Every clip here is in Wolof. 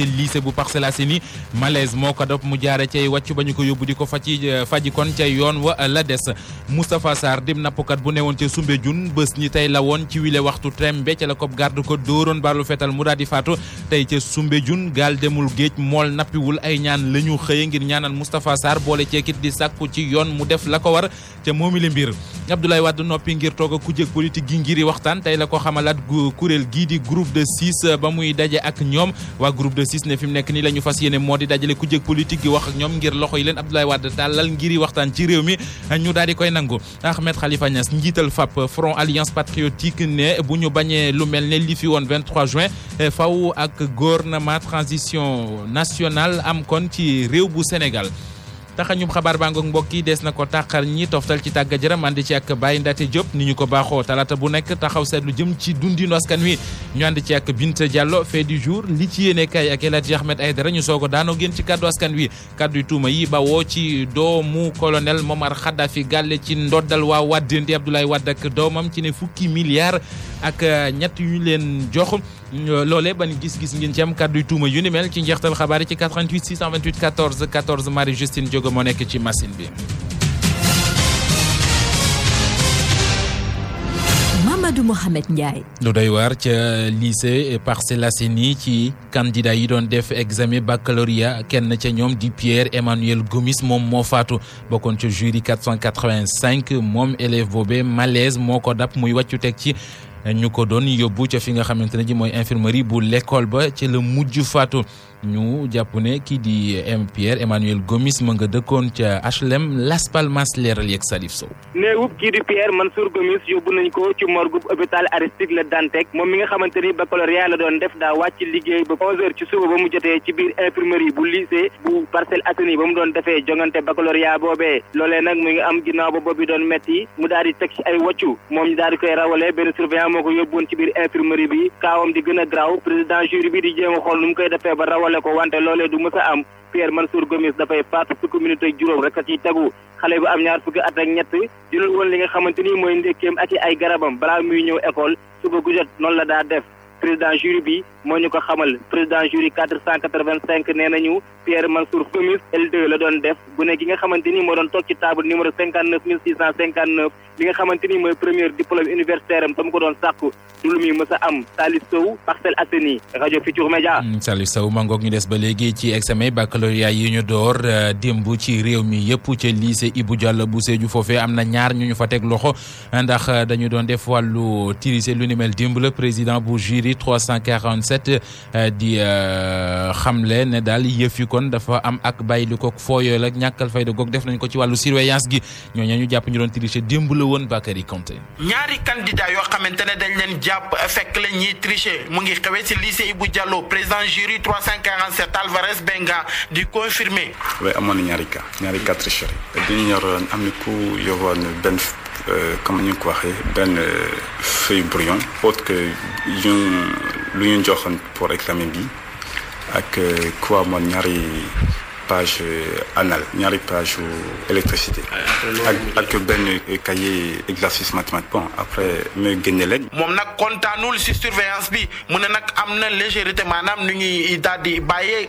ca lycée bu Parcelles Assainies malaise moo ko mu jaare cay wàcc ba ko yóbbu di ko euh, faji ca yoon wa euh, la des Moustapha Sarr dim nappkat bu newoon ca Soumbédioune bés ñi tey la woon ci wile waxtu trembe ca la kob garde ko dóoroon baalu fetal mu tey ca Soumbédioune gaal demul géej mool nappiwul ay ñaan la ñu xëye ngir ñaanal Moustapha Sarr boole ceekit di sàkku ci yoon mu def la ko war ca moomi li mbir Abdoulaye Wade noppi ngir toog a kujjeg politique gi ngiri 6 ne fi mu nekk nii la ñu fas yéene moo di dajale ku jëg politique gi wax ak ñoom ngir loxo yi leen Abdoulaye Wade tàllal ngiri waxtaan ci réew mi ñu daal di koy nangu Ahmed Khalifa Niass njiital FAP Front Alliance Patriotique ne bu ñu bañee lu mel ne li fi woon 23 juin faw ak gouvernement transition nationale am kon ci réew bu Sénégal taxañum xabaar baa ngoog mbokk yi des na ko tàqar ñi toftal ci tàggat yaram ànd ci ak Baye Ndate Diop ni ñu ko baaxoo talaata bu nekk taxaw seetlu jëm ci dundinu askan wi ñu ànd ci ak Binta Diallo fait du jour li ci yéene kay ak El Hadji Ahmed Aïdara ñu soog a daanoo génn ci kàddu askan wi kàddu tuuma yi bawoo ci doomu colonel Momar Khadafi gàlle ci ndoddal waa Wade di Abdoulaye Wade ak doomam ci ne fukki milliards ak ñett yu leen jox loole ban gis-gis ngeen ci am kàddu tuuma yu ni mel ci njeextal xabaar yi ci 88 628 14 14 Marie Justine Diogo moo nekk ci machine bi. Mamadou Mohamed Ndiaye. lu doy waar ca lycée Parcelles Assainies ci candidat yi doon def examen baccalauréat kenn ca ñoom di Pierre Emmanuel Gomis moom moo faatu bokkoon ca jury 485 moom élève boobee malaise moo ko dab muy wàccu teg ci. ñu ko doon yóbbu ca fi nga xamante ne ji mooy infirmerie bu lekkool ba ci la mujj faatu ñu jàpp ne kii di M Pierre Emmanuel Gomis ma nga dëkkoon ca HLM Las Palmas leeral yeeg Salif Sow. néewub kii di Pierre Mansour Gomis yóbbu nañ ko ci morgue hôpital Aristide Le Dantec moom mi nga xamante ni baccalauréat la doon def daa wàcc liggéey ba 11h ci suba ba mu jotee ci biir infirmerie bu lycée bu Parcelles Assainies ba mu doon defee jongante baccalauréat boobee loolee nag mu ngi am ginnaaw ba bopp bi doon metti mu daal teg ci ay wàccu a graw président a boole ko wante loolee du mës a am Pierre Mansour Gomis dafay faatu fukki minute juróom rek a ciy tegu xale bu am ñaar fukki at ak ñett jëlul woon li nga xamante mooy ndékkeem ak i ay garabam balaa muy ñëw école suba gu jot noonu la daa def président jury bi moo ñu ko xamal président jury 485 nee nañu Pierre Mansour Gomis L2 la doon def gune gi nga xamante ni moo doon toog ci table numéro li nga xamante mooy premier diplôme universitaire am tam ko doon sàkku du lu muy mës a am Salif Sow Parcelles Assainies rajo Futur Média. Salif mm, Sow ma ngoog ñu des ba léegi ci examen baccalauréat yi ñu door euh, démb ci réew mi yëpp ca lycée Ibou Diallo bu Sédhiou foofee am na ñaar ñu ñu fa teg loxo ndax euh, dañu doon def wàllu tirise lu ni mel démb la président 2017 eh, di eh, xamle ne daal yëf yi kon dafa am ak bàyyi ko koog fooyoo la ak ñàkkal fayda goog def nañ ko ci wàllu surveillance gi ñooñu ñu jàpp ñu doon tricher démb la woon Bakary Konté. ñaari candidat yoo xamante ne dañ leen jàpp fekk la ñuy mu ngi xewee ci lycée Ibou Diallo président jury 347 Alvarez Benga di confirmer. waaye amoon na ñaari cas ñaari cas tricherie. dañu ñor am na ku yoroon benn. Euh, comme ñu ko waxee benn euh, feuille brouillon autre que ñu lu ñu joxoon pour examen bi ak euh, quoi moom ñaari page anal ñaari page électricité ah, ak ak benn cahier exercice mathématique bon après mu génne leen moom nag kontaanul si surveillance bi mu ne nag am na légèreté maanaam nu ñuy daal di bàyyee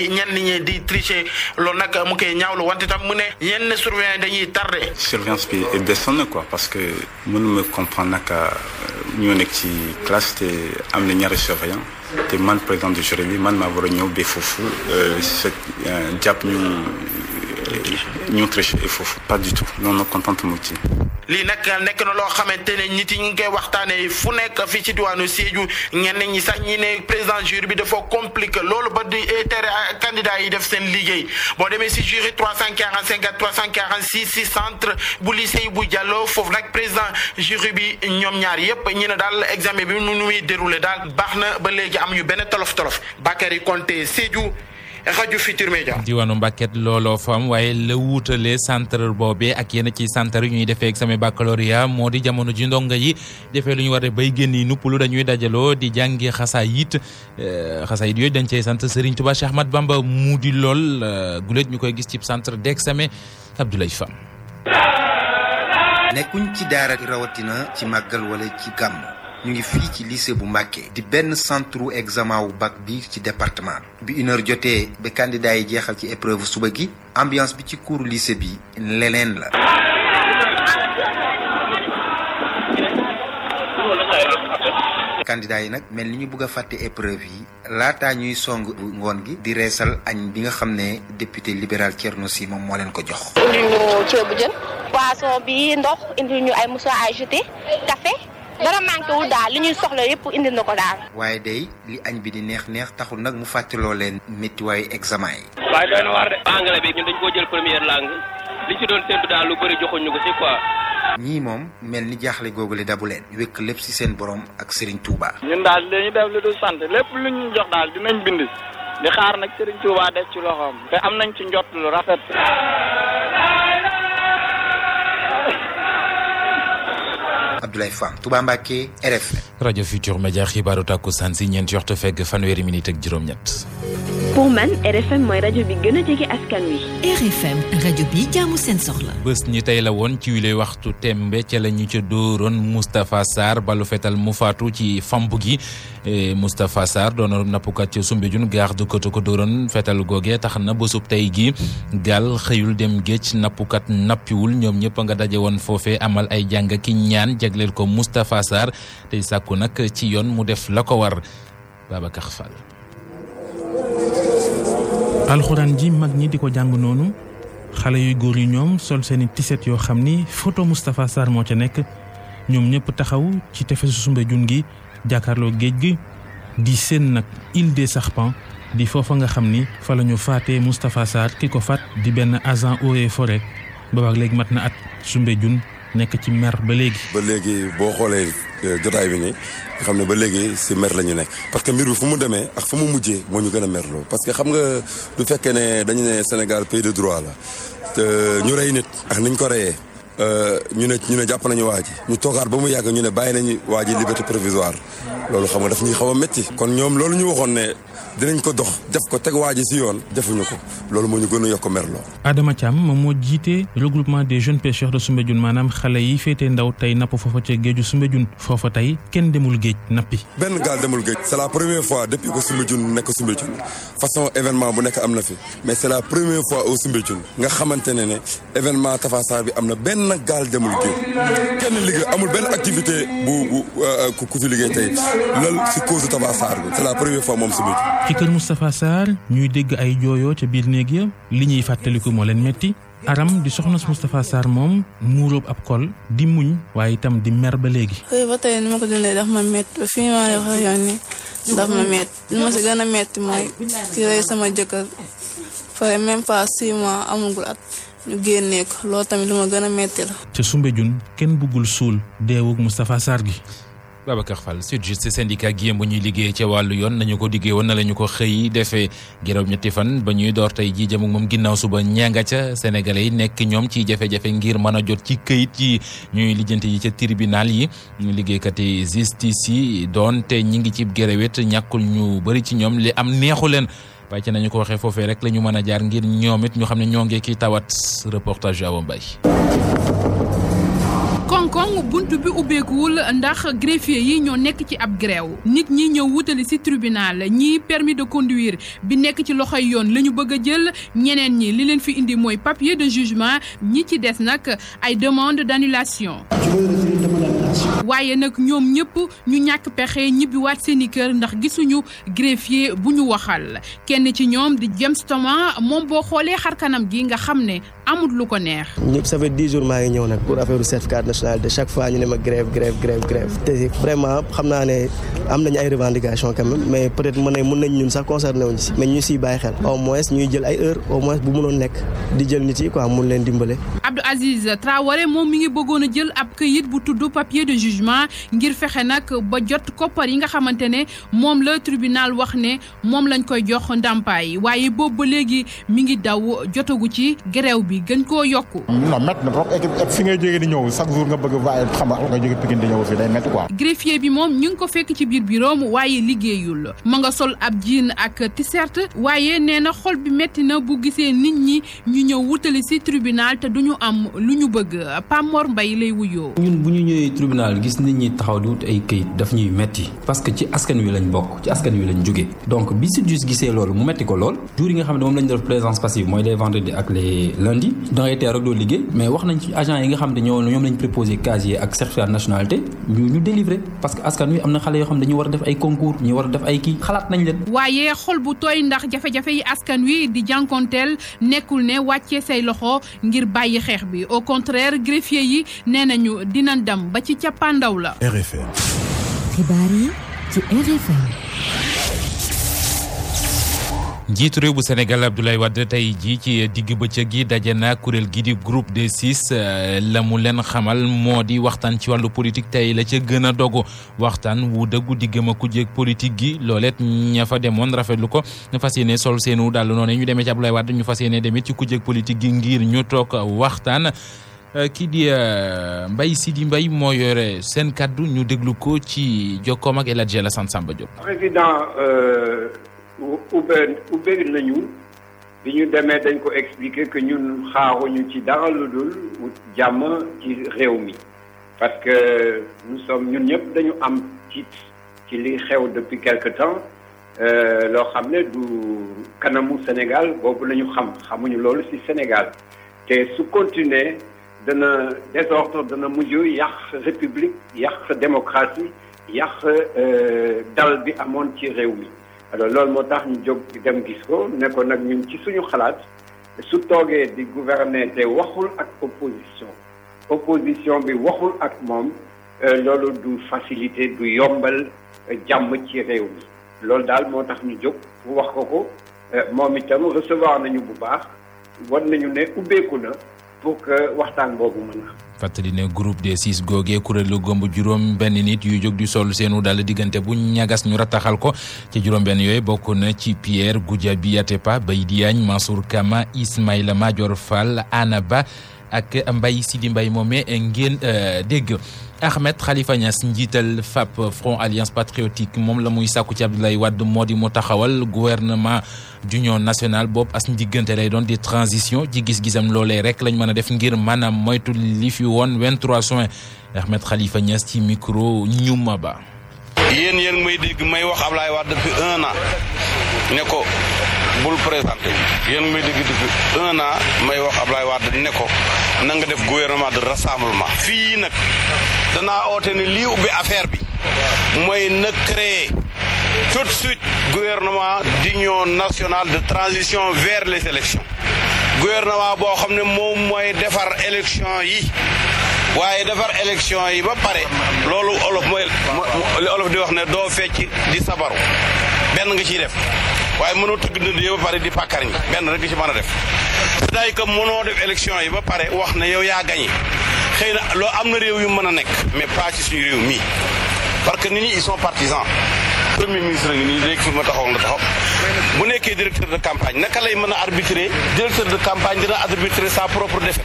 yi ñenn ñi di tricher lo nag mu koy ñaawlu wante tam mu ne yenn surveillant yi dañuy tardé surveillance bi desoon na quoi parce que mënu ma comprendre nag ñu nekk ci classe te am na ñaari surveillant te man président de jury man maa war a ñëw ba foofu euh, sa euh, jàpp ñu ñu triche et foofu pas du tout non non contente mu ci lii nag nekk na loo xamante ne nit ñi ngi koy waxtaanee fu nekk fii ci diwaanu Sédhiou ñenn ñi sax ñi ne président jury bi dafa compliqué loolu ba di tere candidat yi def seen liggéey boo demee si jury 345 ak 346 si centre bu lycée bu Diallo foofu nag président jury bi ñoom ñaar yépp ñi ne daal examen bi mu muy déroulé daal baax na ba léegi amuñu benn tolof tolof Bakary Konté Sédhiou rajo Futur Media. diwaanu Mbàkke looloo fa waaye la wuutale centre boobee ak yenn ci centre yu ñuy defee examen baccalauréat moo di jamono ji ndongo yi defee lu ñu war a bay génn yi nuppalu dañuy dajaloo di jàngi xasaayit eh, xasaayit yooyu dañ cey sant Serigne Touba Cheikh Ahmad Bamba mu di lool eh, guléet ñu koy gis ci centre d'examen lay Fam nekkuñ ci daara rawatina ci màggal wala ci gàmm ñu ngi fii ci lycée bu Mbàkke di benn centre examen wu bac bi ci département bi bi jotee ba candidat yi jeexal ci épreuve suba gi ambiance bi ci cour lycée bi leneen la candidat yi nag mel ni ñu bëgg a fàtte épreuve yi laata ñuy song ngoon gi di reesal añ bi nga xam ne député libéral Thierno moom moo leen ko jox. indi ñu ceebu jën. poisson bi ndox indi ñu ay mousse à jeter café. dara manqué daal li ñuy soxla yëpp indi na ko daal. waaye day li añ bi di neex neex taxul nag mu fàttaloo leen méttiwaayu examen yi. waaye doy na bi ñun dañ koo jël première langue li ci doon séntu daal lu bëri joxuñu ko si quoi. ñii moom mel ni jaaxle googu li dabu leen. wékk lépp si seen boroom ak Serigne Touba. ñun daal dañuy def lu dul sant lépp lu ñu jox daal dinañ bind di xaar nag Serigne Touba def ci loxoom. te am nañ ci njott rafet. Abdoulaye Fam Touba Mbacké RFM rajo Futur Média xibaaru tàkkusaan si ñeent yoxtu fegg fanweeri minute ak juróom-ñett pour man RFM mooy rajo bi gën jege askan wi. RFM ñi tey la woon ci wile waxtu tembe ca la ñu ca dóoroon Moustapha Sarr balu fetal mu ci famp gi e, Moustapha Sarr doon nappkat ca Soumbédioune gaar du ko ko fetal googe tax na bésub tey gi gaal xëyul dem géej nappkat nappiwul ñoom ñëpp nga daje woon foofee amal ay jàng ki ñaan jagleel ko Moustapha Sarr tey sàkku nag ci yoon mu def la ko war alxuraan ji mag ñi di ko jàng noonu xale yuy góor yi ñoom sol seeni tiset yoo xam ni photo Moustapha Sarr moo ca nekk ñoom ñëpp taxaw ci tefesu Soumbédioune gi jàkkaarloo géej gi di seen nag île des serpents di foofa nga xam ni fa la ñu faatee Moustapha Sarr ki ko faat di benn agent eaux et forêt boobaak léegi mat na at Soumbédioune nekk ci mer ba léegi. ba léegi boo xoolee euh, jotaay bi nii nga xam ne ba léegi si mer la ñu nekk. parce que mbir bi fu mu demee ak fu mu mujjee moo ñu gën a merloo parce que xam nga du fekkee ne dañu ne Sénégal pays de droit la te ñu rey nit ak niñ ko reyee. Euh, ñu ne ñu ne jàpp nañu waa ji ñu toogaat ba mu yàgg ñu ne bàyyi nañu waa ji liberté provisoire loolu xam nga daf ñuy xaw a kon ñoom loolu ñu waxoon ne dinañ ko dox def ko teg waa ji si yoon defuñu ko loolu moo ñu gën a yokk merloo Adama Thiam moom moo jiite regroupement des jeunes pêcheurs de Soumbédioune maanaam xale yi féetee ndaw tey napp foofa ca géeju Soumbédioune foofa tey kenn demul géej nappi benn gaal demul géej c'est la première fois depuis que Soumbédioune nekk Soumbédioune façon événement bu nekk am na fi mais c'est la première fois au Soumbédioune nga ne ne événement Tafa bi am na benn benn gaal demul géej kenn liggéey amul benn activité bu bu euh, ku fi liggéey tey loolu si cause bi c'est la première fois moom si mujj. ci kër Moustapha Sarr ñuy dégg ay jooyoo ca biir néeg ya li ñuy fàttaliku moo leen metti aram di soxna Moustapha Sarr moom muuróob ab kol di muñ waaye itam di mer ba léegi. xëy ba tey ni ma ko dundee daf ma métti ba fii ma lay wax yoon ma métti li ma si gën a métti mooy ki rey sama jëkkër pare même pas six mois at. ñu génnee ko loolu a metti la. ca Soumbédioune kenn bëggul suul deewug Moustapha sar gi. Babacar Fall Sytjust syndicat gi bu ñuy liggéey ca wàllu yoon nañu ko diggee woon na la ñu ko xëy defee gërëm ñetti fan ba ñuy door tey jii jëm moom ginnaaw suba ñanga ca sénégalais yi nekk ñoom ci jafe-jafe ngir mën a jot ci kayit yi ñuy lijjanti yi ca tribunal yi ñu liggéeykat yi justice yi doon te ñi ngi ci gërëwet ñàkkul ñu bari ci ñoom li am neexu leen. pàcc nañu ko waxee foofu rek la ñu mën a jaar ngir ñoom it ñu xam ne ñoo ngi ki tawat reportage yu Awa Mbaye koŋ bunt bi ubbeekuwul ndax greffier yi ñoo nekk ci ab grève nit ñi ñëw wutali ci tribunal ñii permis de conduire bi nekk ci loxoy yoon la ñu bëgg a jël ñeneen ñi li leen fi indi mooy papier de jugement ñi ci des nag ay demande d'annulation waaye nag ñoom ñëpp ñu ñàkk pexe ñibbiwaat seen i kër ndax gisuñu greffier bu ñu waxal kenn ci ñoom di James Thomas moom boo xoolee xar kanam gi nga xam ne amut lu ko neex. ñëpp ça fait dix jours maa ngi ñëw nag pour affaire certificat national de chaque fois ñu ne ma grève grève grève grève te vraiment xam naa ne am nañu ay revendications quand même mais peut être mën nañ mën nañ ñun sax concerné wuñ si mais ñu siy bàyyi xel au moins ñuy jël ay heures au moins bu mënoon nekk di jël nit yi quoi mun leen dimbale. Aziz Traoré moom mi ngi bëggoon a jël ab këyit bu tudd papier de jugement ngir fexe nag ba jot koppar yi nga xamante ne moom la tribunal wax ne moom lañ koy jox yi waaye boobu ba léegi mu ngi daw jotagu ci grève bi gën koo yokk non métti na trop fi ngay jógee di ñëw chaque jour nga bëgg waaye nga nga jógee Pikine di day métti quoi. greffier bi moom ñu ngi ko fekk ci biir biroom waaye liggéeyul ma nga sol ab jiin ak t-shirt waaye nee na xol bi métti na bu gisee nit ñi ñu ñëw wutali si tribunal te duñu am lu ñu bëgg Pam Mor Mbaye lay wuyoo. ñun bu ñu ñëwee tribunal gis nit ñi taxaw di wut ay këyit daf ñuy metti parce que ci askan wi lañ bokk ci askan wi lañ jóge donc bi gisee loolu mu metti ko lool jour nga xam ne moom lañ def présence passive mooy les vendredis ak les lundis wax nañ ci agent yi nga xam ne ñoo ñoom lañ proposé casier ak certificat nationalité ñu ñu délivré parce am na xale yoo xam ne a def ay concours ñu war a def ay kii xalaat nañ leen. waaye xol bu tooy ndax jafe-jafe yi askan wi di jànkoonteel nekkul ne wàccee say loxo ngir bàyyi xeex bi au contraire greffier yi nee nañu dina dem ba ci cappaandaw la. RFM xibaar yi ci RFM. njiitu réew bu Sénégal Abdoulaye Wade tey jii ci digg bëccëg gi daje na kuréel gi di groupe de six euh, la mu leen xamal moo di waxtaan ci wàllu politique tey la ca gën a dogu waxtaan wu dëggu diggam ak kujjeeg politique gi looleet ña fa demoon rafetlu ko ñu fas yéene sol seenu dàll noonu ñu demee ci Abdoulaye Wade ñu fas yéene demit ci kujjeeg politique gi ngir ñu toog waxtaan euh, kii di euh, mbay si di mbay moo yore seen kaddu ñu déglu ko ci jokkoom ak El Hadji Alassane Samba Diop ubbe ubbeeg nañu bi ñu demee dañ ko expliquer que ñun xaaruñu ci dara lu dul jàmm ci réew mi parce que nous sommes ñun ñëpp dañu am tiit ci li xew depuis quelque temps euh, loo xam ne du kanamu Sénégal boobu la ñu xam xamuñu loolu ci Sénégal te su continuer dana désordre dana mujj yàq république yàq démocratie yàq euh, dal bi amoon ci réew mi alors loolu moo tax ñu jóg dem gis ko ne ko nag ñun ci suñu xalaat su toogee di gouverner te waxul ak opposition opposition bi waxul ak moom euh, loolu du facilité du yombal euh, jàmm ci réew mi loolu daal moo tax ñu jóg wax ko ko euh, moom itam recevoir nañu bu baax wan nañu ne ubbeeku na pour que waxtaan boobu mën a fàttali ne groupe des six googee kuréelu gomb juróom benn nit yu jóg di sol seenu dal diggante bu ñagas ñu rattaxal ko ci juróom benn yooyu bokk na ci Pierre Goudiaby Atépa Baydy Diagne Mansour Kama Ismaïla Madior Fall Anaba ak Mbaye Sidi Mbaye moomee ngeen euh, dégg Ahmed xalifa Niass njiital FAP Front Alliance Patriotique moom la muy sàkku ci Abdoulaye Wade moo di mu taxawal gouvernement d'union nationale boobu as njigante lay doon di transition ci gis-gisam loolee rek lañ mën a def ngir maanaam moytu li fi woon 23 juin Ahmed Khalifa Niass ci micro ñuma ba. yéen yéen may dégg may wax Abdoulaye Wade depuis un an ne ko bul présenté wu yéen muy dégg dégg un an may wax Ablaye Wade ne ko na nga def gouvernement de rassemblement fii nag danaa oote ne lii ubbi affaire bi mooy na créer tout suite gouvernement d'union national de transition vers les élections gouvernement boo xam ne moom mooy defar élection yi waaye defar élection yi ba pare loolu olof mooy li olof di wax ne doo fecc di sabaru benn nga ci def waaye mënoo tëgg ndënd yi ba pare di pàkkar ñi benn rek ci mën a def c'est-à-dire que mënoo def élection yi ba pare wax na yow yaa gagné xëy na loo am na réew yu mën a nekk mais pas ci suñu réew mii parce que nit ñi ils sont partisans premier ministre ngi nii léegi fi ma taxawoon la taxaw bu nekkee directeur de campagne naka lay mën a arbitrer directeur de campagne dina arbitrer sa propre défaite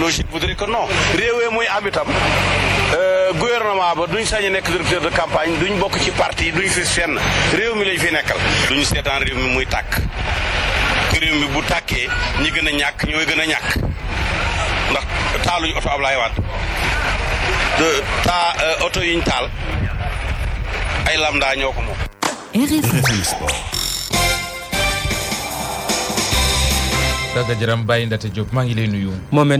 logique voudrait que non réewee mooy am Euh, gouvernement ba duñ sañ a nekk directeur de campagne ñu bokk ci parti duñ fi fenn réew mi lañ fi nekkal ñu seetaan réew mi muy tàkk réew mi bu tàkkee ñi gën a ñàkk ñooy gën a ñàkk ndax taaluñ oto Ablaye Wade taa euh, oto yiñ taal ay lambda ñoo ko moom